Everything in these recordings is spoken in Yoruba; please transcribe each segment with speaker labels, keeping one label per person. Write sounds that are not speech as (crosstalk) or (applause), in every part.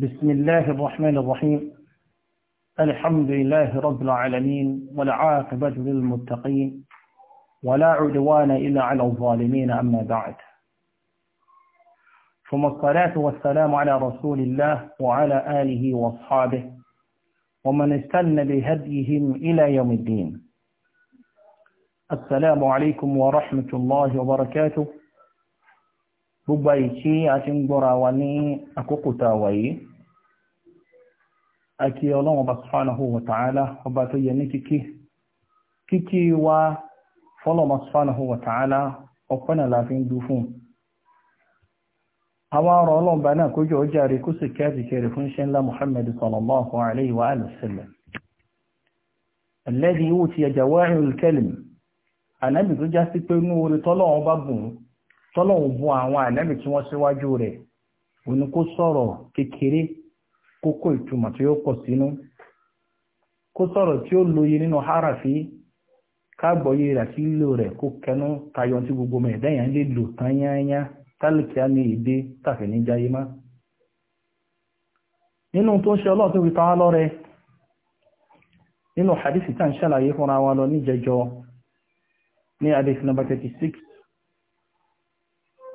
Speaker 1: بسم الله الرحمن الرحيم الحمد لله رب العالمين والعاقبة للمتقين ولا عدوان إلا على الظالمين أما بعد ثم الصلاة والسلام على رسول الله وعلى آله واصحابه ومن استنى بهديهم إلى يوم الدين السلام عليكم ورحمة الله وبركاته gbogbo àyè tí a ti ń gbọ́ra wa ní àkókò tá a wà yìí àti ọlọ́run ọba subhanahu wa ta'ala ọba tó yẹ ní kíkí kíkí wa fọ́lọ́mọ subhanahu wa ta'ala ọ̀pẹ́ náà láti ń dú fún àwọn ọ̀rọ̀ ọlọ́ọ̀bá náà kójọ ó járe kó sì kẹ́ àti kẹrì fún ṣẹ́ńlá muhammad sallallahu alayhi wa sallam alladhi yu'ti jawami'ul kalim ànábì tó já sí pé inú orí tọ́lọ́run bá bùn tọ́lọ́hun bùn àwọn ànábì tí wọ́n síwájú rẹ̀ òní kó sọ̀rọ̀ kékeré kókó ìtumọ̀ tí ó pọ̀ sínú kó sọ̀rọ̀ tí ó lóye nínú harafi káàgbọ̀yé rẹ̀ sí ìlò rẹ̀ kó kẹnu tayọ tí gbogbo mẹ̀ẹ́dẹ́yàn lè lò tán yányá tálíkì á ní èdè tàfẹ́ ní jáyé má nínú tó ń ṣe ọlọ́run tó fi nínú tá ń ṣàlàyé fúnra lọ níjẹjọ 36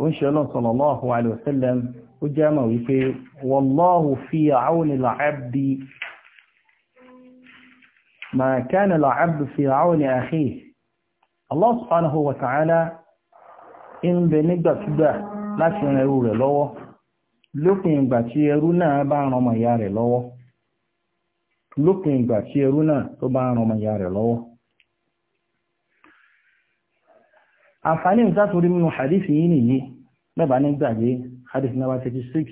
Speaker 1: ó ń ṣe ọlọ́run sallallahu alaihi wasallam ó jẹ́ mọ̀ wípé wallahu fi auni al-abdi ma kana al-abdu fi auni akhihi Allah subhanahu wa ta'ala ń bẹ nígbàkúgbà láti ran ẹrú rẹ̀ lọ́wọ́ lópin ìgbà tí ẹrú náà bá ran ọmọ ìyá rẹ̀ lọ́wọ́ àǹfààní ìta torí nínú hadith yìí nìyí mẹ́bàá ní gbàgbé hadith number 36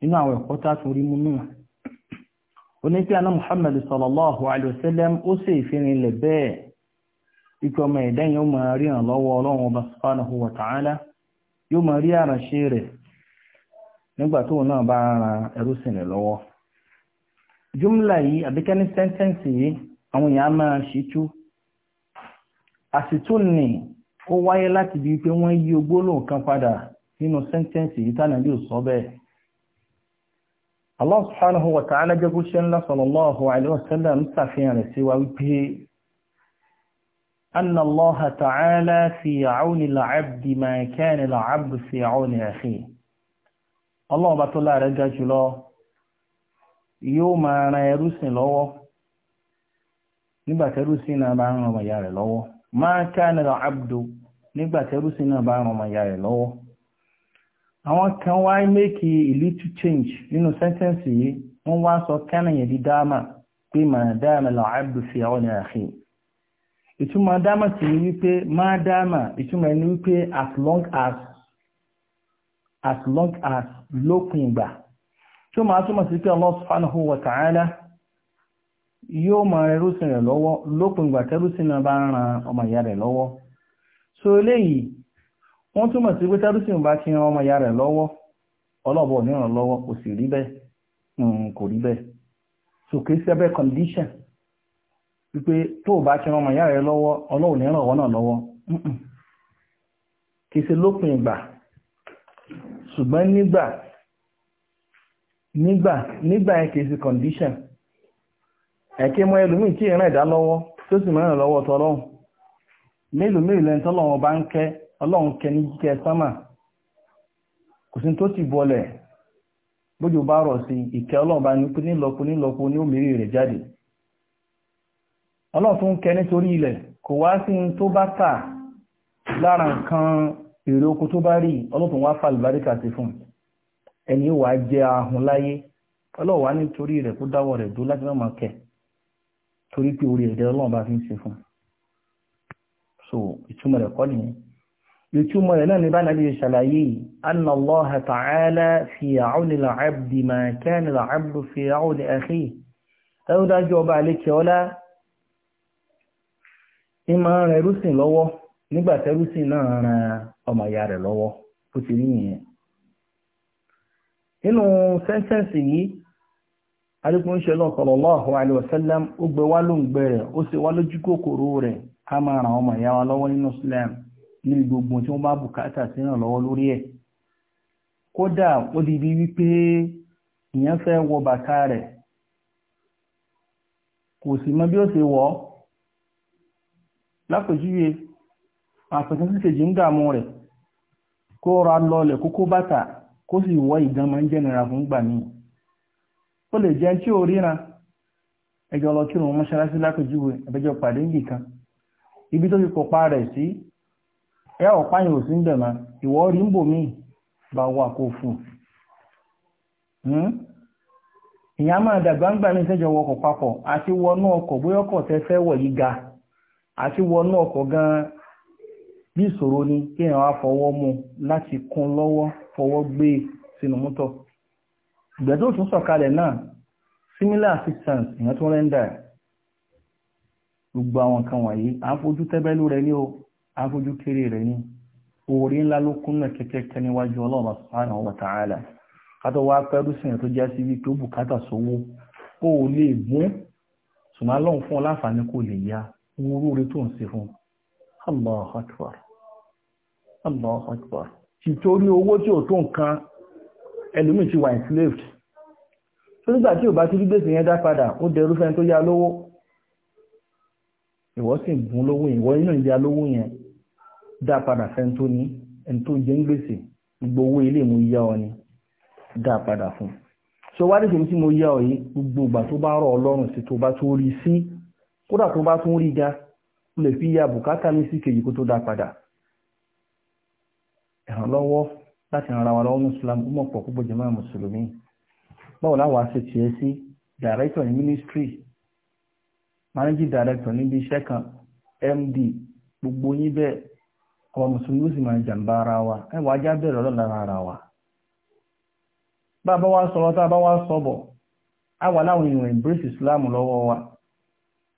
Speaker 1: nínú àwọn ẹ̀kọ́ tá torí mú náà onípẹ́ aná muhammad sallallahu alayhi wa sallam ó sì ìfìrin lẹ̀ bẹ́ẹ̀ ikú ọmọ ẹ̀dá yóò máa rí ìrànlọ́wọ́ ọlọ́run ọba subhanahu wa ta'ala yóò máa rí àràṣe rẹ̀ nígbà tó náà bá ara ẹrúsìn lọ́wọ́ jumla yìí àbíkẹ́ ní sẹ́ńtẹ́ǹsì yìí àwọn èèyàn máa ṣíjú àsìtún ni ó wáyé láti bí pé wọ́n yí ogbólóhùn kan padà nínú sẹ́ńtẹ́ǹsì yìí tánà yóò sọ bẹ́ẹ̀ Allah subhanahu wa ńlá sallallahu alaihi ń ṣàfihàn rẹ̀ sí wa wípé أن الله تعالى في عون العبد ما كان العبد في عون أخيه الله بطلع رجع جلو يروسن لو نبات يروسن أبعنا ويار لو máa kánà abdu nígbà tẹ́rùsí náà bá ràn ọmọ ìyá rẹ̀ lọ́wọ́ àwọn kan make a little change nínú sẹ́ńtẹ́ǹsì yìí wọ́n wá sọ kánà yẹn di dáàmà pé máa dáàmà lọ abdu fi àwọn ní àkè ìtumọ̀ dáàmà sì ni wípé máa dáàmà ìtumọ̀ ẹni wípé as long as as long as lópin ìgbà tí ó máa túmọ̀ sí pé Allah subhanahu wa ta'ala yóò máa rẹ rúsìn rẹ̀ lọ́wọ́ lópin ìgbà tẹ́rúsìn náà bá ń ran ọmọ ìyá rẹ lọ́wọ́ so eléyìí wọ́n túmọ̀ sí pé tẹ́rúsìn bá ti ran ọmọ ìyá lọ́wọ́ ọlọ́bọ̀ kò sì rí bẹ́ẹ̀ hmm, kò rí bẹ́ẹ̀ so kì í ṣe abẹ́ condition wípé tó o bá ti ran ọmọ ìyá rẹ̀ lọ́wọ́ ọlọ́run náà lọ́wọ́ kì nígbà nígbà nígbà yẹn kì í eke mọ́ elu tí ìran ẹ̀dá lọ́wọ́ tó sì mọ́ràn lọ́wọ́ tọlọ́hun mélòó mélòó lẹ́ni tọ́lọ́hun bá ń kẹ́ ọlọ́hun kẹ́ ní jíkẹ́ sánmà kò sí tó ti bọlẹ̀ bójú bá rọ̀ sí ìkẹ́ bá ní ní jáde nítorí ilẹ̀ kò wá sí tó bá tà lára nǹkan èrè oko tó bá rí wá fà torí pé orí ẹ̀dẹ́ ọlọ́run bá fi ń ṣe fún so ìtumọ̀ rẹ̀ kọ́ nìyẹn ìtumọ̀ rẹ̀ náà ní bá nàbí ṣàlàyé anna Allah ta'ala fi àúni làábdì ma kana làábdù fi àúni akhi ẹ̀rọ dájú ọba àlékẹ́ ọlá ìmọ̀ rẹ̀ rúsìn lọ́wọ́ nígbà tẹ́rúsìn náà ran ọmọ ìyá rẹ̀ lọ́wọ́ bó ti rí nìyẹn nínú sẹ́ńtẹ́ǹsì yìí arígun ṣe lọ sallallahu alaihi wasallam ó gbé wá ló ń gbé rẹ̀ ó sì wá lójú kòkòrò rẹ̀ ká máa ràn ọmọ ìyá wa lọ́wọ́ nínú Islam níbi gbogbo tí wọ́n bá bùkátà sí ràn lọ́wọ́ lórí ẹ̀ kódà ó di wípé ìyẹn fẹ́ wọ bàtà rẹ̀ kò sì mọ bí ó wọ̀ ọ́ lápèjúwe sì ṣèjì ń dààmú rẹ̀ kó ra lọlẹ̀ kókó bàtà kó ó lè jẹ́ tí ó ríra ẹjọ́ lọ kírun sí lápèjúwe ẹbẹjọ́ pàdé ń ibi tó fi kópa rẹ̀ sí ẹ ọ̀pá yìí ò sí ń dẹ̀mà ìwọ rí ń bò mí bá wà kó hmm? ìyá máa dàgbà ń gbà papọ̀ ga àti wọnú ọkọ̀ gan bí ìṣòro ni fọwọ́ láti kún lọ́wọ́ fọwọ́ gbé e ìgbà tó tún sọ̀kalẹ̀ náà similar assistance èèyàn tún rẹ́ńdà gbogbo àwọn nǹkan wọ̀nyí à ń fojú tẹ́bẹ́lú rẹ ní o à ń fojú kéré rẹ ní orí ńlá ló kún náà kẹ́kẹ́kẹ́ níwájú Ọlọ́run subhanahu wa ta'ala kátó wá pẹ́rú sìyàn tó já sí bí tó bùkátà sówó ó lè mú ṣùgbọ́n lọ́hùn fún ọ láǹfààní kò lè ya ohun orí tó ń ṣe fún Allahu ẹlòmíì ti wà enslaved tó nígbà tí ò bá ti rí gbèsè yẹn dá padà ó dẹrú fẹ́ni tó yá lówó ìwọ sì ń gun lówó yẹn ìwọ inú ìyá lówó yẹn dá padà fẹ́ni tó ní ẹni tó jẹ́ gbèsè gbogbo owó ilé mo yá ọ ni dá padà fún so wá nítorí tí mo yá ọ yìí gbogbo ìgbà tó bá rọ̀ ọlọ́run sí tó bá tó rí sí kódà tó bá tún rí ga ó lè fi ya bùkátà mi sí kejì kó tó dá padà ìrànlọ́wọ́ láti na arawa wa lọ́wọ́ mùsùlùmí ó mọ̀ pọ̀ púpọ̀ jẹ́mọ́ mùsùlùmí báwo láwọn aṣọ tiẹ̀ sí director ní ministry managing director níbi iṣẹ́ kan md gbogbo yín bẹ́ẹ̀ ọmọ mùsùlùmí ó sì máa ara ara wa bá a bá wá a bá sọ bọ̀ a wà láwọn èèyàn embrace islam lọ́wọ́ wa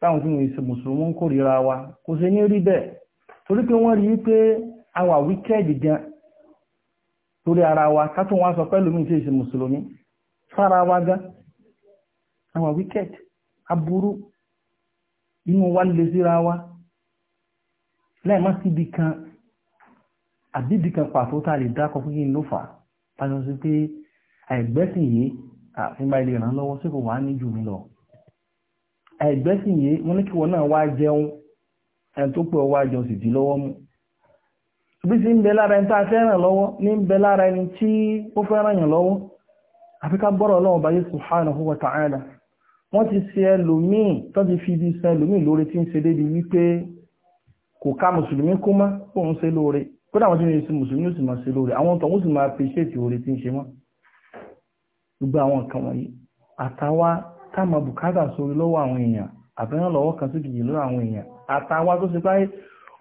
Speaker 1: táwọn tí ṣe mùsùlùmí ń kórìíra wa kò sí ní rí bẹ́ẹ̀ torí pé wọ́n rí a torí ara wa ká tó wá sọ pẹ́lú mi tí èsì mùsùlùmí fara wa gá àwọn wicked aburú inú wa wa kan àbíbì kan pàtó a lè dákọ̀ fún yìí ló fà a sí pé àìgbẹ́sìn yìí àfihàn ilé ràn lọ́wọ́ yìí wọ́n ní kí wọ́n náà wá jẹun bí sí ń bẹ lára ẹni tá a fẹ́ ràn lọ́wọ́ ní ń bẹ lára ẹni tí ó fẹ́ ràn yàn lọ́wọ́ àfi ká gbọ́rọ̀ Ọlọ́run báyé subhanahu wa ta'ala wọ́n ti ṣe ẹlòmíì tó ti fi ibi san ẹlòmíì lóore tí ń ṣe débi wípé kò ká mùsùlùmí kú mọ́ kó ń ṣe lóore kódà àwọn tí wọ́n ti mùsùlùmí ó sì máa ṣe lóore àwọn tó ń sì máa appreciate oore tí ń ṣe mọ́ gbogbo àwọn nǹkan wọ̀nyí àtàwa ká máa bùkátà sórí lọ́wọ́ àwọn èèyàn àbẹ́rẹ́ lọ́wọ́ kan sí kìí lọ́wọ́ àwọn èèyàn àtàwa tó ṣe báyìí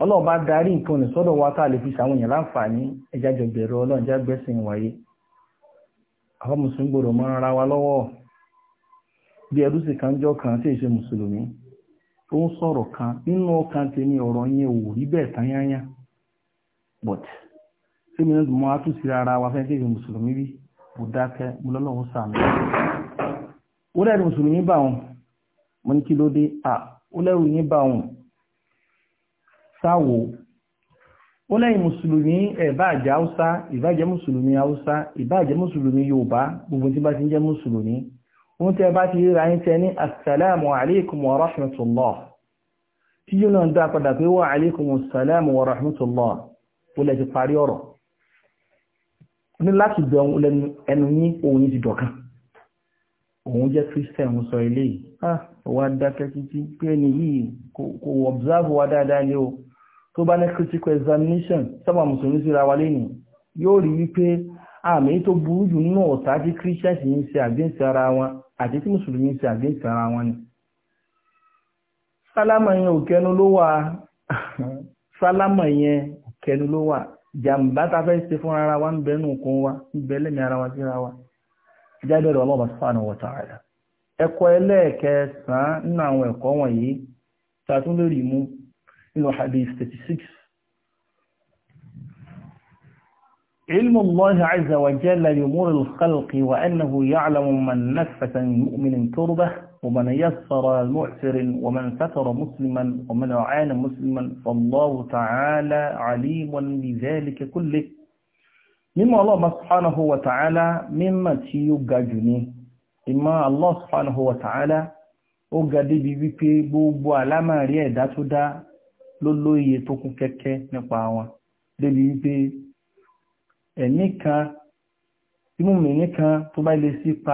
Speaker 1: ọlọ́run bá darí nǹkan ní sọ́dọ̀ wa tá a lè fi ṣàwọn èèyàn láǹfààní ẹja jọgbẹ̀rọ ọlọ́run já gbẹ́sìn wáyé àwọn mùsùlùmí gbọ́dọ̀ mọ́ ara wa lọ́wọ́ bí ẹrú sì kan jọ kan tí èṣe mùsùlùmí ó ń sọ̀rọ̀ kan nínú ọkàn tèmi ọ̀rọ̀ yẹn ò rí bẹ́ẹ̀ tán yányá but ṣé mi náà mọ àtúnṣe ara wa fẹ́ tí èṣe mùsùlùmí bí mo dákẹ́ mo lọ́lọ́run sàmì ó lẹ́rù mùsùlùmí bá wọn mo ní kí ló dé à ó lẹ́rù yín bá wọn sáwò ó lẹ́yìn mùsùlùmí ẹ̀báàjẹ́ haúsá ìbájẹ́ mùsùlùmí haúsá ìbájẹ́ mùsùlùmí yorùbá gbogbo tí bá ti ń jẹ́ mùsùlùmí wọ́n tẹ́ bá ti ríra yín tẹ́ ní assalamu alaikum wa rahmatullah tí yóò náà dá padà pé wa alaikum assalamu wa rahmatullah ó lẹ́ ti parí ọ̀rọ̀ ní láti bẹ̀rún ẹnu yín òun ti dọ̀kan òun jẹ́ christian sọ ilé ah wá dákẹ́ títí pé ẹni yìí kò observe wa dáadáa ní o tó bá ní critical examination sábà mùsùlùmí síra wa lẹ́yìn yóò rí wípé àmì tó burú jù nínú ọ̀tá tí christians ń ṣe against ara wọn àti tí mùsùlùmí ń ṣe against ara wọn ni. sálámà yẹn ò kẹnu ló wà (laughs) sálámà yẹn ò kẹnu ló wà jàǹbá ta fẹ́ ṣe fún ara wa ń bẹ nù kún wa ń bẹ lẹ́mìí ara wa síra wa jáde rẹ̀ ọlọ́ba subhanahu wa ta'ala ẹ̀kọ́ ẹlẹ́ẹ̀kẹsàn-án nínú àwọn ẹ̀kọ́ wọ̀nyí ṣàtúndórí mú اللي هو حديث 36 علم الله عز وجل لأمور الخلق وأنه يعلم من نفة مؤمن تربة ومن يسر معسر ومن ستر مسلما ومن عان مسلما فالله تعالى عليم بذلك كله مما الله سبحانه وتعالى مما تيوغاجني إما الله سبحانه وتعالى ó بيبي débi wípé gbogbo àlámà rí ẹ̀dá ló lóye tó kún kẹ́kẹ́ nípa wọn débi wípé ẹ̀mí kan tí mú mi ní kan tó bá lè sí pa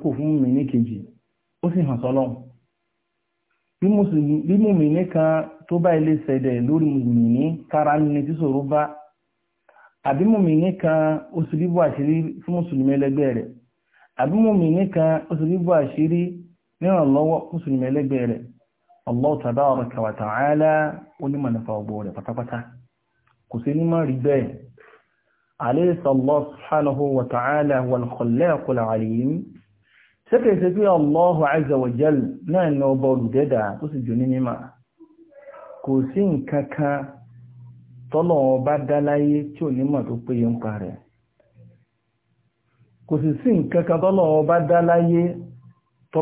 Speaker 1: kò fún mi ní kejì ó sì hàn sọ́lọ́run bí mú mi ní kan tó bá lè ṣẹ̀dẹ̀ lórí mi ní kára ní kan ó sì rí bó àṣírí Allah tabaraka wa ta'ala onímọ̀ nípa ọgbọ̀ rẹ̀ pátápátá kò sí ní mọ́rí bẹ́ẹ̀ alaysa Allah subhanahu wa ta'ala wal khallaqul alim sẹ́kẹ̀ sí pé Allah azza wa jal náà ní ọba olùdẹ́dà tó sì jù ní mímọ̀ kò sí nǹkan tọ́lọ̀ ọba dáláyé tí ò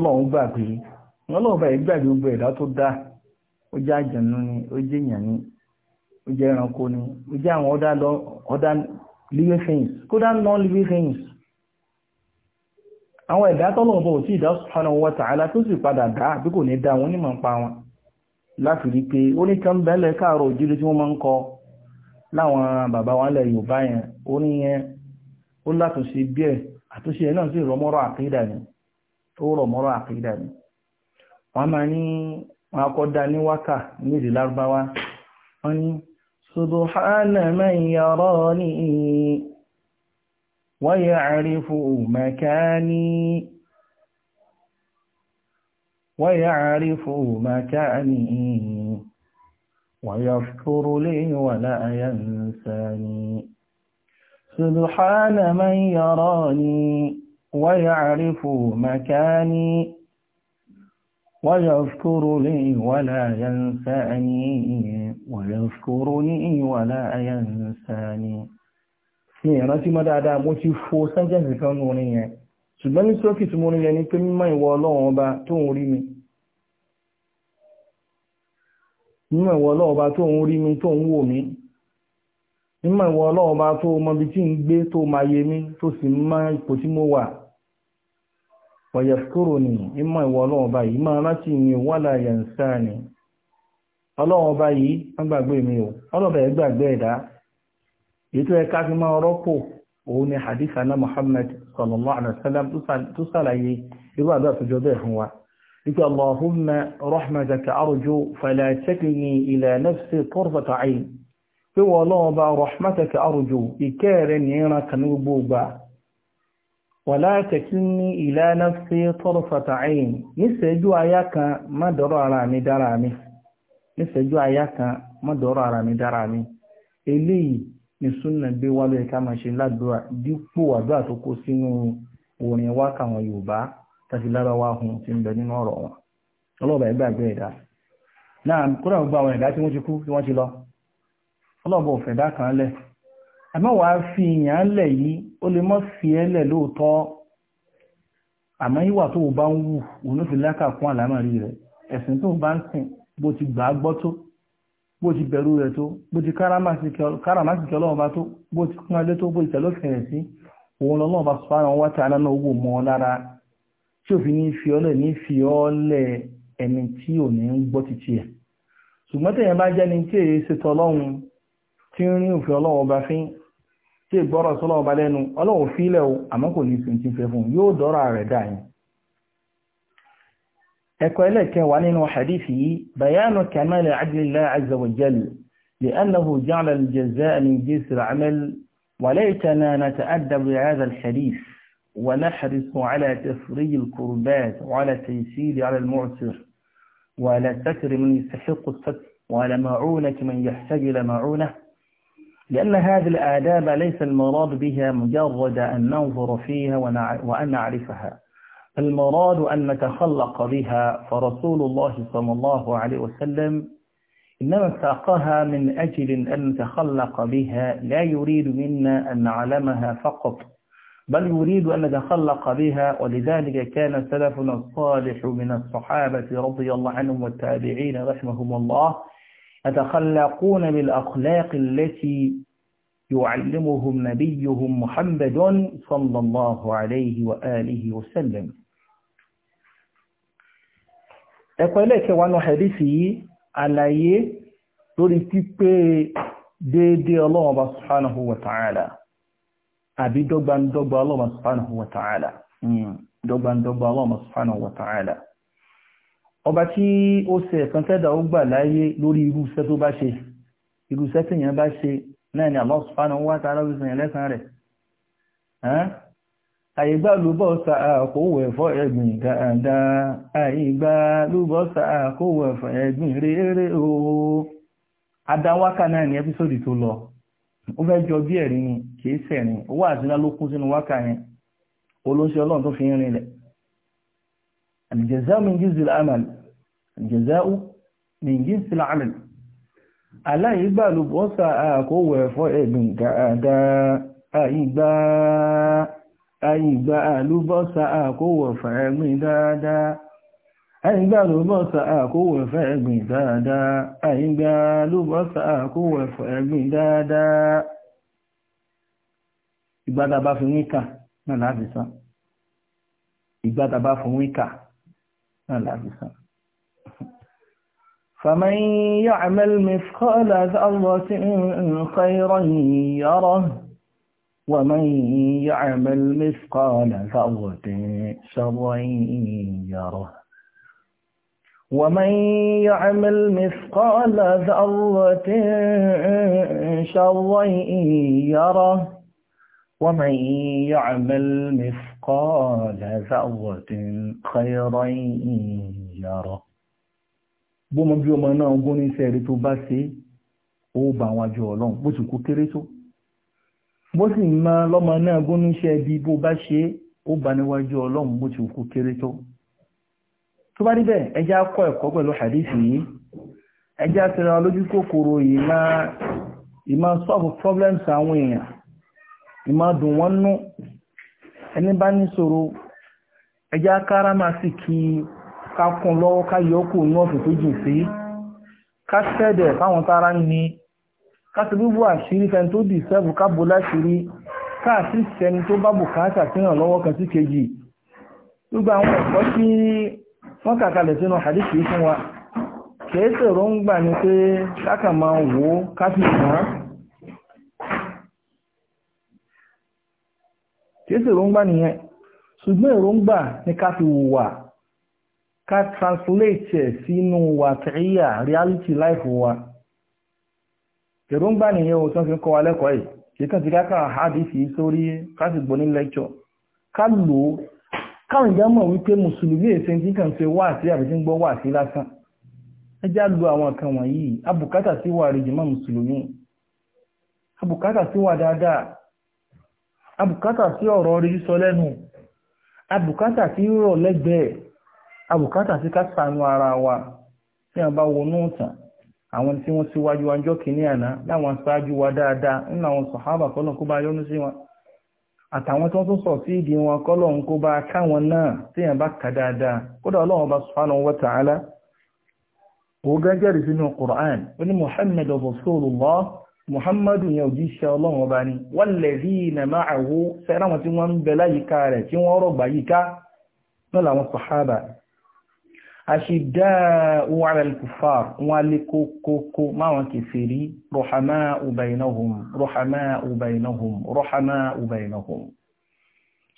Speaker 1: ọlọ́ọ̀bá yìí gbàgbé gbogbo ẹ̀dá tó dá ó jẹ́ àjẹ̀nú ni ó jẹ́ èèyàn ni ó jẹ́ ẹranko ni ó jẹ́ àwọn other living things kódà non-living things àwọn ẹ̀dá ò ìdá tó sì padà dá bí kò ní dá wọn pa wọn láti rí pé ó ní kan káàrọ̀ tí wọ́n máa ń kọ láwọn bàbá wọn lẹ̀ yẹn ó wọ́n máa ní wọn akọ́ dá ní wákà ní èdè lárúbáwá wọ́n ní subhana man yarani wa ya'rifu makani wa ya'rifu makani wa yashkuru li wa la yansani subhana man yarani wa ya'rifu ويذكرني ولا ينساني ويذكرني ولا ينساني ní ìrántí mọ́ dáadáa mo ti fo sẹ́jẹ̀sì kan nù orin yẹn ṣùgbọ́n ní sókè mo rí yẹn ní pé mímọ́ ìwọ ọlọ́run ọba tó ń rí mi mímọ́ ìwọ ọlọ́run ọba tó ń rí mi tó ń wò mí mímọ́ ìwọ ọlọ́run ọba tó mọ ibi tí ń gbé tó máa yé mi tó sì mọ ipò tí mo wà wọ̀yẹ̀kúrò ní ìmọ̀ ìwọ̀ ọlọ́run báyìí máa rántí mi wà láyẹ̀ ń sáà ni ọlọ́run báyìí wọ́n gbàgbé mi o ọlọ́bẹ̀ gbàgbé ẹ̀dá ètò ẹ̀ka fi máa rọ́pò òun ni hadith anna muhammad sallallahu alaihi wasallam tó sàlàyé irú àdó àtúnjọ bẹ́ẹ̀ fún wa wàlá takinni ila nafsi tarfata ayn níṣẹ́jú àyá kan má ara mi dára mi àyá kan mi dára mi eléyìí ni súnà gbé wá lóye ká máa ṣe ládùúrà dípò àdúrà tó kó sínú orin wá káwọn yorùbá tàbí lára wá hun ti ń bẹ nínú ọ̀rọ̀ wọn ọlọ́ọ̀bà ẹgbẹ́ àgbẹ̀ ẹ̀dá náà kúrò gbogbo àwọn ẹ̀dá tí wọ́n ti kú tí wọ́n ti lọ ọlọ́ọ̀bà kan ó lè mọ́ fi ẹ́lẹ̀ lóòótọ́ àmọ́ ìwà tó bá ń wù òun ló fi lákà kún àlámọ̀rí rẹ̀ ẹ̀sìn tó bá ń sìn bó ti gbà á gbọ́ tó bó ti bẹ̀rù rẹ̀ tó bó ti káràmásìkẹ́ ọlọ́run bá tó bó ti kún adé tó bó ti tẹ̀lófin rẹ̀ sí òun lọ́lọ́run bá sọ́ra wọn wáta aláná owó mọ́ lára tí òfin ní fi ọlẹ̀ ní fi ọlẹ̀ ẹni tí ò ní ń gbọ́ títí ẹ̀ ṣùgbọ́n tẹ̀yẹ̀ bá jẹ́ni tí èyí ṣe tọ́lọ́run tí ń rí òfin ọlọ́run bá fín tí ìgbọ́rọ̀ sọ́lọ́ ọba lẹ́nu ọlọ́run fílẹ̀ o àmọ́ kò ní sin tí ń fẹ́ fún yóò dọ́rọ̀ rẹ̀ dà yín ẹ̀kọ́ ẹlẹ́kẹwàá nínú hadithi yìí bayanu kamal adilillah azza wa jal لأنه جعل الجزاء من جنس العمل وليتنا نتأدب بهذا الحديث ونحرص على تفريج الكربات وعلى التيسير على المعسر وعلى ستر من يستحق الستر وعلى معونة من يحتاج إلى معونه لأن هذه الآداب ليس المراد بها مجرد أن ننظر فيها وأن نعرفها المراد أن نتخلق بها فرسول الله صلى الله عليه وسلم إنما ساقها من أجل أن نتخلق بها لا يريد منا أن نعلمها فقط بل يريد أن نتخلق بها ولذلك كان سلفنا الصالح من الصحابة رضي الله عنهم والتابعين رحمهم الله يتخلقون بالأخلاق التي يعلمهم نبيهم محمد صلى الله عليه وآله وسلم ẹ̀pẹ̀lẹ̀ kẹwàánú hadisi yìí àlàyé lórí pípé déédé ọlọ́wọ́ba subhanahu wa ta'ala àbí dọ́gbandọ́gba ọlọ́wọ́ba subhanahu wa ta'ala hmm, ọba tí ó ṣe ẹ̀kan tẹ́dà ó gbà láyé lórí irúṣẹ́ tó bá ṣe irúṣẹ́ tí èèyàn bá ṣe náà ni Allah subhanahu wa ta'ala lórí ìsìnyàn lẹ́sàn rẹ̀ àyígbà lúbọ̀ sàkówò ẹ̀fọ́ ẹ̀gbìn dáadáa àyígbà lúbọ̀ sàkówò ẹ̀fọ́ ẹ̀gbìn rere ooo adáwákà náà ni ẹ́písòdì tó lọ ó fẹ́ jọ bí ẹ̀rí ni kìí sẹ̀rin owó àtúnyá ló kún sínú wákà yẹn olóṣèlú ọlọ́run tó fi ń rinlẹ̀ الجزاء من جنس العمل الجزاء من جنس العمل aláìgbàlùbọ́sà àkówẹ̀ ẹ̀fọ́ ẹ̀dùn dáadáa àìgbà àìgbà àlùbọ́sà àkówẹ̀ ẹ̀fọ́ ẹ̀gbìn dáadáa àìgbà àlùbọ́sà àkówẹ̀ ẹ̀fọ́ ẹ̀gbìn dáadáa àìgbà àlùbọ́sà àkówẹ̀ ẹ̀fọ́ ẹ̀gbìn dáadáa ìgbádàbá fi wíkà náà láti sán ìgbádàbá fún wíkà نعم. فمن يعمل مثقال ذرة خيرا يره ومن يعمل مثقال ذرة شرا يره ومن يعمل مثقال ذرة شرا يره ومن يعمل مثقال mithqala dharratin khayran yara bọ́mọ bí ọmọ náà gún ní iṣẹ́ rí tó bá ṣe ó bá àwọn àjọ ọlọ́run bó ti kú kéré tó bó sì máa lọ́mọ náà gún ní iṣẹ́ bí bó bá ṣe ó bá níwájú ọlọ́run bó ti kú kéré tó tó bá rí bẹ́ẹ̀ ẹjá ẹ̀kọ́ pẹ̀lú hadith yìí ẹjá tẹ̀ra lójú kòkòrò ìmá solve problems àwọn èèyàn ìmá dùn wọ́n nú ẹni bá ní ṣòro ẹjá kára máa sì kí kákun lọ́wọ́ ká yọkù nọ́ọ̀sì tó jù sí ká fáwọn tára ní ká àṣírí fẹni tó dì sẹ́bù ká láṣírí tó bá bùkátà sí ràn lọ́wọ́ kan sí kejì gbogbo àwọn ẹ̀kọ́ tí wọ́n kàkalẹ̀ sínú fún wa kìí kéèsì èròǹgbà nìyẹn ṣùgbọ́n èròǹgbà ní ká fi wùwà ká translate ẹ̀ sínú wàtíyà reality life wa èròǹgbà nìyẹn o tán fi kọ́ wa lẹ́kọ̀ọ́ yìí kìí kàn ti káàkà àdìsí sórí kásìgbò ní lecture ká lò ó káwọn ìjà mọ̀ wípé mùsùlùmí èsè tí kàn ṣe wà sí àbí tí ń gbọ́ wà sí lásán ẹ já lu àwọn kan wọ̀nyí abùkátà sí wà rí jùmọ̀ mùsùlùmí abùkátà sí wà dáadáa abùkátà sí ọ̀rọ̀ orí sísọ lẹ́nu abùkátà sí rírọ̀ lẹ́gbẹ̀ẹ́ abùkátà sí kásánú ara wa tí a bá wọnú ìtàn àwọn tí wọ́n síwájú ọjọ́ kìíní àná láwọn aṣáájú wa dáadáa nínú àwọn sàhábà kọ́lọ̀ kó bá yọ́nú sí wọn àtàwọn tí wọ́n tún sọ sí ìdí wọn kọ́lọ̀ ń kó bá káwọn náà tí a bá kà dáadáa kódà ọlọ́run bá subhanahu muhammadu yẹn òjíṣẹ́ ọlọ́run ọba ni walladhina ma'ahu sẹ́rẹ́ wọn tí wọ́n ń bẹ láyìíká rẹ̀ tí wọ́n rọ̀gbà yíká náà làwọn sàhábà ashidda'u 'ala al-kuffar wọn lè kókókó máwọn kèfèrí ruhama'u baynahum ruhama'u baynahum ruhama'u baynahum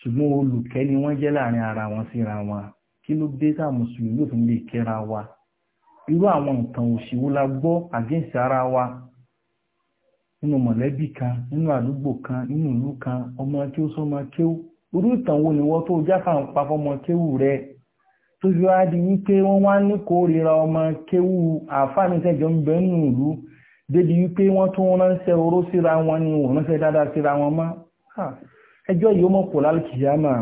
Speaker 1: ṣùgbọ́n olùkẹ́ ni wọ́n jẹ́ láàrin ara wọn síra nínú mọ̀lẹ́bí kan nínú àdúgbò kan nínú ìlú kan ọmọ kí ó sọmọ kí ó irú ìtàn wo ni wọ́n tó jáfà ń pa fọmọ kéwù rẹ̀ tó fi wá di wípé wọ́n wá ní kórìíra ọmọ kéwù àfáàní tẹ́jọ ń bẹ nínú ìlú débi wípé wọ́n tún ránṣẹ́ oró síra wọn ni wọ́n ránṣẹ́ dáadáa síra wọn mọ́ ẹjọ́ yìí ó mọ̀ pọ̀ lálùkìyàmà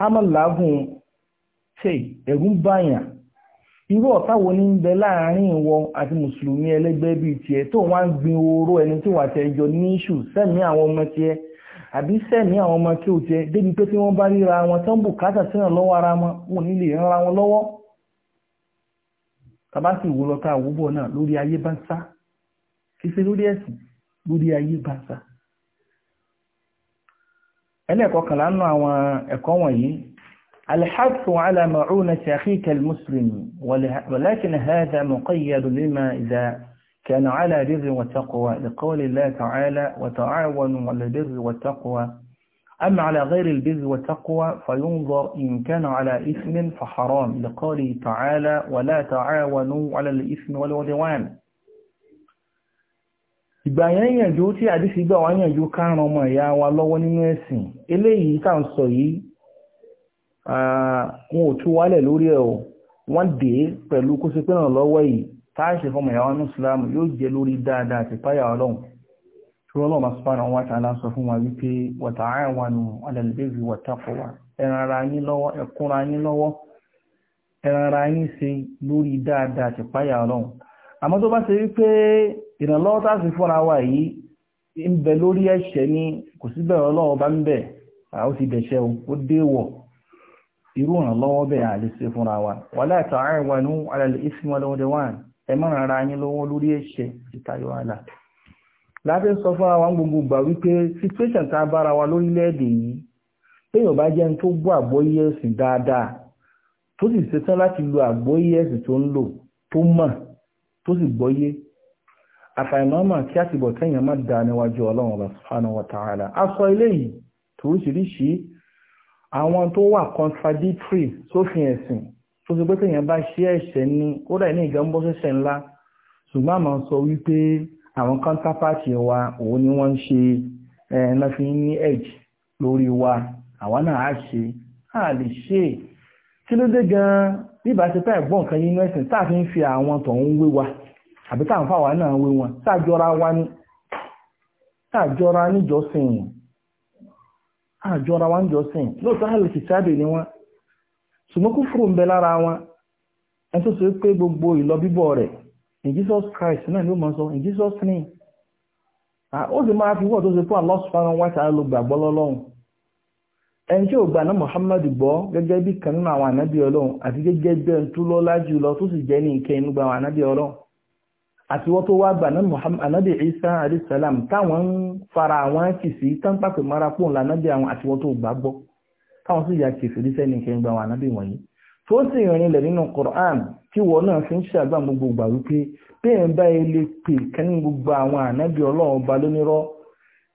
Speaker 1: hámà làágùn ṣe ẹ̀rù ń báyàn irú ọ̀tá wo ní ń bẹ láàrin ìwọ àti mùsùlùmí ẹlẹ́gbẹ́ bíi tiẹ̀ tó wá ń gbin oró ẹni tí wà á ní sẹ́mi àwọn ọmọ tiẹ̀ àbí sẹ́mi àwọn ọmọ o tiẹ̀ débi pé tí wọ́n bá ríra wọn bùkátà sínú lọ́wọ́ ara wọn wọn ní lè rán wọn lọ́wọ́ tàbá sì wò lọ́ta àwòbọ̀ náà lórí ayé bá ń sá kì í lórí ẹ̀sìn lórí ayé bá ń sá ẹlẹ́ẹ̀kọ́ nù àwọn ẹ̀kọ́ wọ̀nyí الحث على معونة أخيك المسلم ولكن هذا مقيد لما إذا كان على بر وتقوى لقول الله تعالى وتعاونوا على البر والتقوى أما على غير البر والتقوى فينظر إن كان على إثم فحرام لقوله تعالى ولا تعاونوا على الإثم والعدوان ìgbà yẹn yànjú gbà wá yànjú kárùn-ún ọmọ ìyá wa omo ẹ̀sìn eléyìí tá à sọ yìí wọn ò tú wálẹ̀ lórí ẹ̀ o wọ́n dé pẹ̀lú kó ṣe pé ràn lọ́wọ́ yìí táàṣì fọmọ ìyàwó ní islam yóò jẹ lórí dáadáa àti páyà ọlọ́run ṣùgbọ́n lọ́wọ́ masu fara wọn tààlà sọ fún wa wípé wàtà àìwánu alẹ́lẹ́bẹ̀rẹ̀ wàtà fọwà ẹ̀rànra yín lọ́wọ́ ẹ̀kúnra yín lọ́wọ́ ẹ̀rànra yín ṣe lórí dáadáa àti páyà ọlọ́run irú ìrànlọ́wọ́ bẹ́ẹ̀ à lè ṣe fúnra wa wala ta'awanu 'ala al-ithmi wal-'udwan ẹ má ran ara yín lọ́wọ́ lórí ẹ̀ṣẹ̀ ìtayọ àlà lábẹ́ sọ fún àwọn gbogbo gbà wípé situation tá a bára wa lórílẹ̀-èdè yìí téèyàn bá jẹ́ tó gbọ́ àgbọ́yé ẹ̀sìn dáadáa tó sì ṣetán láti lo àgbọ́yé ẹ̀sìn tó ń lò tó mọ̀ tó sì gbọ́yé àfàìmọ́mọ̀ kí á ti bọ̀ kẹ́yìn má dáa níwájú ọlọ́run subhanahu wa ta'ala aṣọ ilé yìí toríṣiríṣi àwọn tó wà contradictory sófin ẹ̀sìn tó ti pé téèyàn bá ṣe ẹ̀ṣẹ̀ ní kódà ní ìgbàmbọ́ ṣẹ̀ṣẹ̀ ńlá ṣùgbọ́n àmọ́ sọ wípé àwọn counterpart wa òun ni wọ́n ń ṣe ẹ̀ẹ́nà fi ní edge lórí wa àwa náà á ṣe á lè ṣe kí ló dé gan-an bí ìbá ṣe fẹ́ gbọ́n kan nínú ẹ̀sìn tá a fi ń fi àwọn tọ̀hún wé wa àbí tá à ń fà wá náà wé wọn tá a jọra wa ní tá a jọra níjọsìn àjọra wọn jọ sìn lóòótọ́ àlè kìtàbì ni wọn ṣùgbọ́n kúfùrù ń bẹ lára wọn ẹni tó sọ pé gbogbo ìlọbíbọ̀ rẹ̀ in Jesus Christ náà ni ó mọ̀ sọ in Jesus name ó sì máa fi wọ́n tó ṣe fún Allah subhanahu wa ta'ala ló gbàgbọ́ lọ́lọ́run ẹni tí ò gbà náà Muhammad gbọ́ gẹ́gẹ́ bí kan nínú àwọn ànábì ọlọ́run àti gẹ́gẹ́ bí ẹni tó lọ́lá jù lọ tó sì jẹ́ ní ìkẹyìn àti wọ́n tó wá gbà náà anábì Isa alayhisalam táwọn ń fara àwọn kì sí tánpàpẹ̀ mara pọ̀ ńlá anábì àwọn àti wọ́n tó gbà gbọ́ táwọn sì yà kìfì rí sẹ́ni kẹrin gba àwọn anábì wọ̀nyí tó sì rìnlẹ̀ nínú Qur'an tí wọ́n náà fi ń ṣàgbà gbogbo gbà wípé bẹ́ẹ̀ bá ilé pè kẹ́ni gbogbo àwọn anábì ọlọ́run ba lónírọ́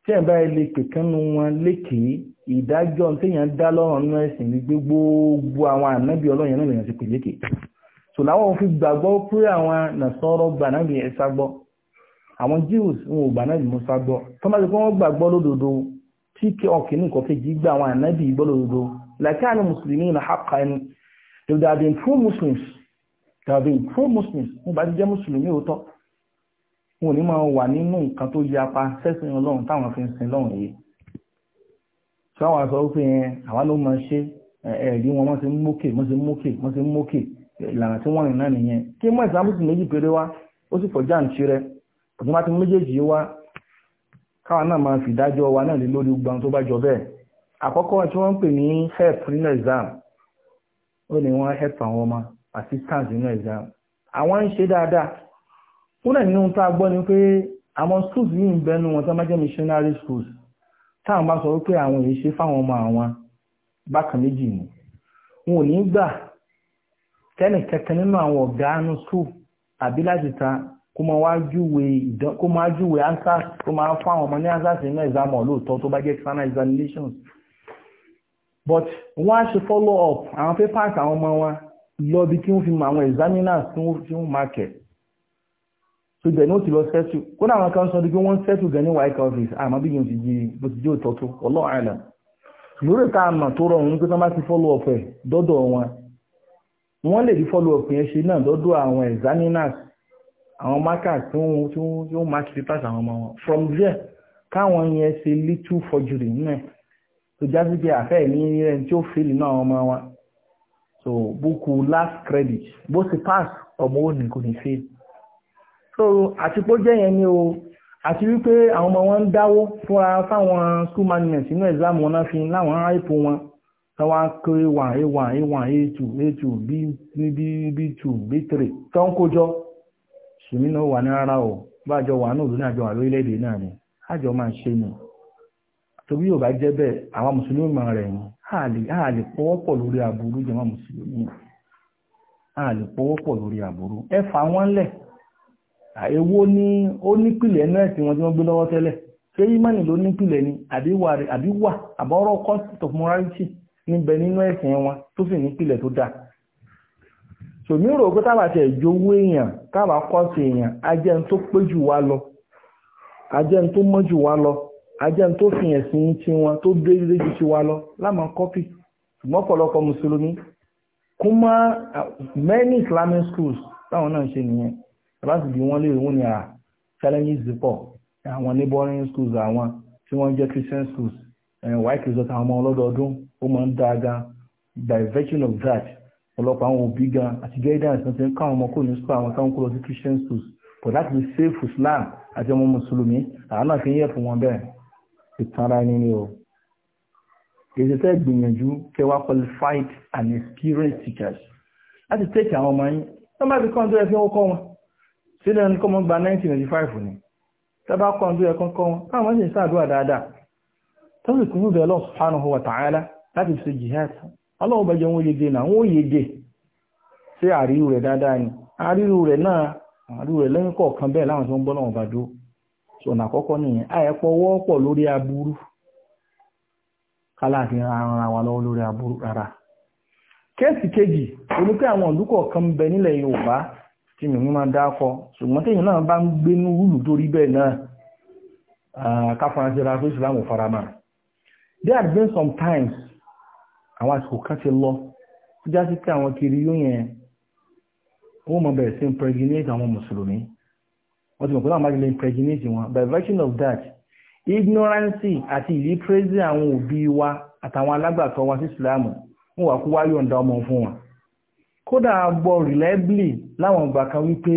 Speaker 1: tí ẹ̀ bá ilé pè kẹ́nu wọn lékèé ìdájọ́ téèyàn dá lọ́rùn nínú ẹ̀sìn gbogbo àwọn anábì ọlọ́run náà lèèyàn ti pè lékèé so láwọn fi gbàgbọ́ pé àwọn nàṣọ́rọ̀ gbà náà bí ẹ̀sà gbọ́ àwọn Jews wọn ò gbà náà bí Mùsá gbọ́ tó máa ti pé wọ́n gbàgbọ́ lódodo tí kí ọkìnrin kan fi jí gbà àwọn ànábì gbọ́ lódodo like àwọn mùsùlùmí ní haka ẹni if they have been true Muslims they have been true Muslims wọn bá ti jẹ́ mùsùlùmí òótọ́ wọn ò ní máa wà nínú nǹkan tó yapa sẹ́sìn ọlọ́run táwọn fi ń sin lọ́run yìí sọ àwọn àṣọ wípé àwọn ló máa ṣe ẹ̀rí wọn wọ́n ti ń mókè wọ́n ti ń mókè wọ́n ti ń mókè ìlànà tí wọ́n rìn náà nìyẹn kí mọ́ ìsàmùsùn méjì péré wá ó sì fọjá ń ṣe rẹ ọ̀tún bá ti méjèèjì wá káwa náà máa fi ìdájọ́ wa náà lé lórí gbọ́n tó bá jọ bẹ́ẹ̀ àkọ́kọ́ tí wọ́n ń pè ní help nínú exam ó ní wọ́n help àwọn ọmọ assistance nínú exam àwọn ń ṣe dáadáa fún ẹ̀ nínú tá a gbọ́ ni pé àwọn schools yìí ń bẹnu wọn tó máa jẹ́ missionary schools táwọn bá sọ wípé àwọn èyí ṣe fáwọn ọmọ àwọn bákan méjì ni wọn ò ní gbà tẹ́nì kankan nínú àwọn ọ̀gá anú skul àbí láti ta kó máa wá júwe ìdán kó máa júwe answers kó máa fún àwọn ọmọ ní answers nínú exam ọ̀lóòótọ́ tó bá jẹ́ final examinations but wọ́n á ṣe follow up àwọn papers àwọn ọmọ wọn lọ bí kí wọ́n fi mọ àwọn examiners tí wọ́n fi ń mark so ìgbẹ̀ ní ó ti lọ sẹ́tù kódà àwọn kan sọ di pé wọ́n sẹ́tù gan ní white office àmọ́ bí yóò ti di bó ti jẹ́ òtọ́tù ọlọ́run àìlà lórí ìta àmà tó rọrùn ní pé tán bá ti follow up ẹ̀ dọ́dọ̀ wọn wọ́n lè rí follow up yẹn ṣe náà lọ́dọ̀ àwọn examiners àwọn markers tí wọ́n tí wọ́n tí wọ́n mark papers àwọn ọmọ wọn from there káwọn yẹn ṣe little forgery náà tó jásí pé àfẹ́ ní rẹ̀ tí ó fail náà àwọn ọmọ wọn so búkú last credit bó ti pass ọmọ ò ní kò ní fail so àti pé ó jẹ́ yẹn ni o àti wípé àwọn ọmọ wọn ń dáwó fúnra fáwọn school management inú exam wọn náà fi láwọn áìpù wọn tán kó a1 a1 a1 a2 a2 b b 2 b wà ní ara o bájọ wà àjọ wà èdè náà ni àjọ máa ń ṣe ni torí yóò bá jẹ́ bẹ́ẹ̀ àwọn mùsùlùmí máa rẹ̀ yìn a lè pọ́wọ́pọ̀ lórí aburú jàmá mùsùlùmí a lè lórí ẹ fà wọ́n ni ó nípìlẹ̀ tí wọ́n níbẹ̀ nínú ẹ̀sìn wọn tó sì nípìlẹ̀ tó dáa tòmí rò pé tábà tẹ̀ jowó èèyàn tábà kọ́sì èèyàn ajẹ́n tó pé jù wá lọ ajẹ́n tó mọ́ jù wá lọ ajẹ́n tó fi ẹ̀sìn tí wọn tó déédéé jù ti wá lọ lámà kọ́pì ṣùgbọ́n ọ̀pọ̀lọpọ̀ mùsùlùmí kún mọ́ many Islamic schools táwọn náà ṣe nìyẹn láti bí wọ́n lè wọ́n ní à ah, challenges pọ̀ àwọn neighboring schools àwọn tí wọ́n jẹ́ Christian schools Eh, white result àwọn ọmọ ọlọ́dọọdún ó máa ń dáa gan by virtue of that ọlọ́pàá àwọn òbí gan àti guidance wọn ti ń kọ́ àwọn ọmọ kò ní sùkúl àwọn táwọn kò lọ sí Christian schools but láti fi for Islam àti ọmọ mùsùlùmí àwọn náà fi ń yẹ fún wọn bẹ́ẹ̀ ìtara ẹni ni o èsì tẹ́ gbìyànjú kẹwàá qualified and experienced teachers láti tẹ́kì àwọn ọmọ yín wọ́n bá ti kọ́ ọdún ẹ̀fín ọkọ̀ wọn sílẹ̀ ní kọ́mọ́ gba 1995 ni tẹ́bá kọ́ ọdún ẹ̀kọ́ kọ́ wọn káwọn sì ń ṣàdúrà dáadáa tó sì kúrú bẹ̀rẹ̀ Allah subhanahu wa ta'ala láti fi jihad ọlọ́run bẹ̀jẹ̀ wọn yege náà wọ́n yege sí àríwú rẹ̀ dáadáa ni àríwú rẹ̀ náà àríwú rẹ̀ lẹ́yìn kọ̀ọ̀kan bẹ́ẹ̀ láwọn tó ń bọ́ lọ́wọ́ bàdó ṣọ̀nà àkọ́kọ́ nìyẹn àyẹ̀pọ̀ wọ́pọ̀ lórí aburú kálàfi ara wa kan bẹ nílẹ̀ Yorùbá tí mi máa dákọ ṣùgbọ́n téèyàn náà bá ń gbénú rúlù torí bẹ́ẹ̀ náà káfọ́nrán there have been some times àwọn àsìkò kan ti lọ tó já sí pé àwọn kiri yóò yẹn ó mọ bẹ̀rẹ̀ sí impregnate àwọn mùsùlùmí wọ́n ti mọ̀ pé àwọn máa ń lè impregnate wọn by virtue of that ignorance àti illiteracy àwọn òbí wa àtàwọn alágbàtọ́ wa sí Islam wọ́n wà kó wá yọ̀ǹda ọmọ fún wọn kódà gbọ́ reliably láwọn ìgbà kan wípé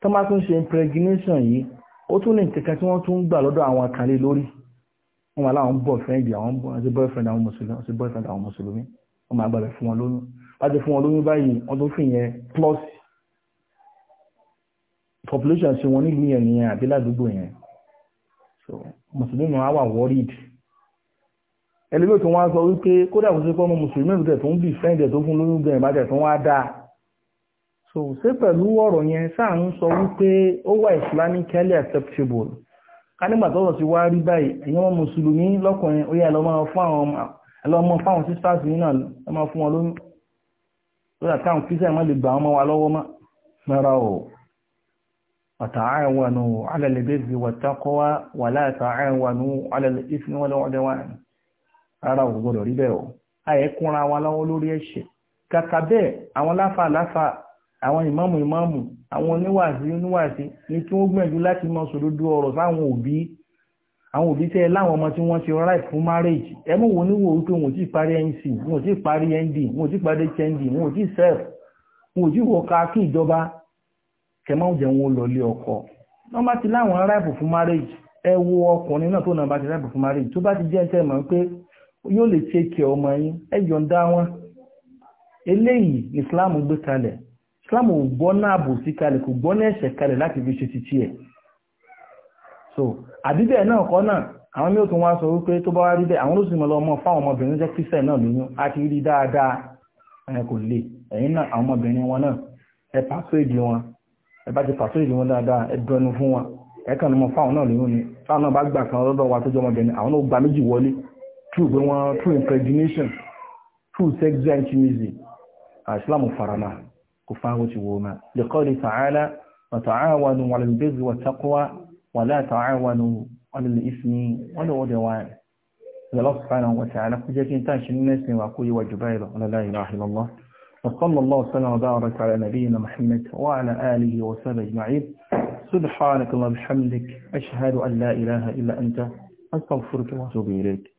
Speaker 1: tó máa tún ṣe impregnation yìí ó tún ní nǹkan kan tí wọ́n tún gbà lọ́dọ̀ àwọn àkàlẹ́ lórí wọ́n wà láwọn boyfriend àwọn àti boyfriend àwọn mùsùlùmí àti boyfriend àwọn mùsùlùmí wọ́n máa gbàgbé fún wọn lóyún láti fún wọn lóyún báyìí wọ́n tó fi yẹn plus population sí wọn nílùú yẹn nìyẹn àbí ládùúgbò yẹn so mùsùlùmí wọn á wà worried ẹlẹ́gbẹ́ tó wọ́n á sọ wípé kódà kò sí pé ọmọ mùsùlùmí ìbùdẹ̀ tó ń bí friend ẹ̀ tó fún lóyún bẹ̀rẹ̀ bá tẹ̀ tó wọ́n á dáa so ṣé pẹ̀lú ọ̀rọ̀ yẹn sáà ń sọ wípé ó wà islamically acceptable kánígbà tọ́rọ̀ sí wá rí báyìí ẹ̀yin ọmọ mùsùlùmí lọ́kùnrin ó yẹ ẹ lọ máa fún àwọn ọmọ ẹ lọ máa fún àwọn sisters yìí náà ẹ máa fún wọn lóyún lórí àtàwọn kírísẹ̀ má lè gbà ọmọ wa lọ́wọ́ má mẹ́ra o àtàáwọnù alẹ́lẹ́bẹ̀ẹ́bì wà látàáwọnù alẹ́lẹ́bẹ̀ẹ́bì wọ́lẹ́wọ́lẹ́wọ́n ara ò àwọn ìmáàmù ìmáàmù àwọn oníwàásí oníwàásí ni kí wọ́n gbìyànjú láti mọ sòdodo ọ̀rọ̀ sáwọn òbí àwọn òbí tẹ́ láwọn ọmọ tí wọ́n ti ráì fún marriage ẹmú wo ní wo wípé wọn ò tí parí nc wọn ò tí parí nd wọn ò tí parí hnd wọn ò tí sef wọn ò tí wọ ká kí ìjọba kẹmọ́ wọn lọ lé ọkọ wọn bá ti láwọn ráìpù fún marriage ẹ wo ọkùnrin náà tó náà bá ti ráìpù fún marriage tó bá ti jẹ́ ẹ̀ńtẹ́ pé yóò lè ṣe kí ọmọ yín ẹ yọ̀ǹda wọn eléyìí Islam gbé kalẹ̀ islam ò gbọ́ náà bò sí kalẹ̀ kò gbọ́ náà ẹ̀ṣẹ̀ kalẹ̀ láti fi ṣe ti tiẹ̀ so àbíbẹ̀ náà kọ́ náà àwọn mí ò tún wá sọ wípé tó bá wá rí bẹ́ẹ̀ àwọn ló sì mọ̀ lọ́mọ fáwọn ọmọbìnrin jẹ́ kírísẹ̀ náà lóyún a ti rí dáadáa ẹ̀ kò lè ẹ̀yìn náà àwọn ọmọbìnrin wọn náà ẹ pàṣọ èdè wọn ẹ bá ti pàṣọ èdè wọn dáadáa ẹ dọnu fún wọn ẹ kàn mọ fáwọn náà lóyún ni fáwọn náà bá gbà kan lọ́dọ̀ true pé true impregnation true sex gentilism ah, àìsílámù farama كفاه وما لقول تعالى وتعاونوا على البر والتقوى ولا تعاونوا على الإثم والعدوان الله سبحانه وتعالى كجاكين تاشن الناس وأقول وجبائل ولا لا إله إلا الله وصلى الله وسلم وبارك على نبينا محمد وعلى آله وسلم أجمعين سبحانك اللهم وبحمدك أشهد أن لا إله إلا أنت أستغفرك وأتوب إليك